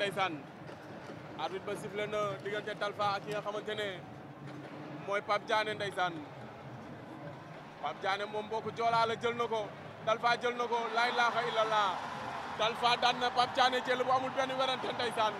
ndeysaan arbitre ba na diggante Talfa ak ki nga xamante ne mooy Pape Diané ndeysaan Pape Diané moom mbokku Joolaa jël na ko Talfa jël na ko laa ilaaha illallah Talfa daan na Pape Diané jël bu amul benn werante ndeysaan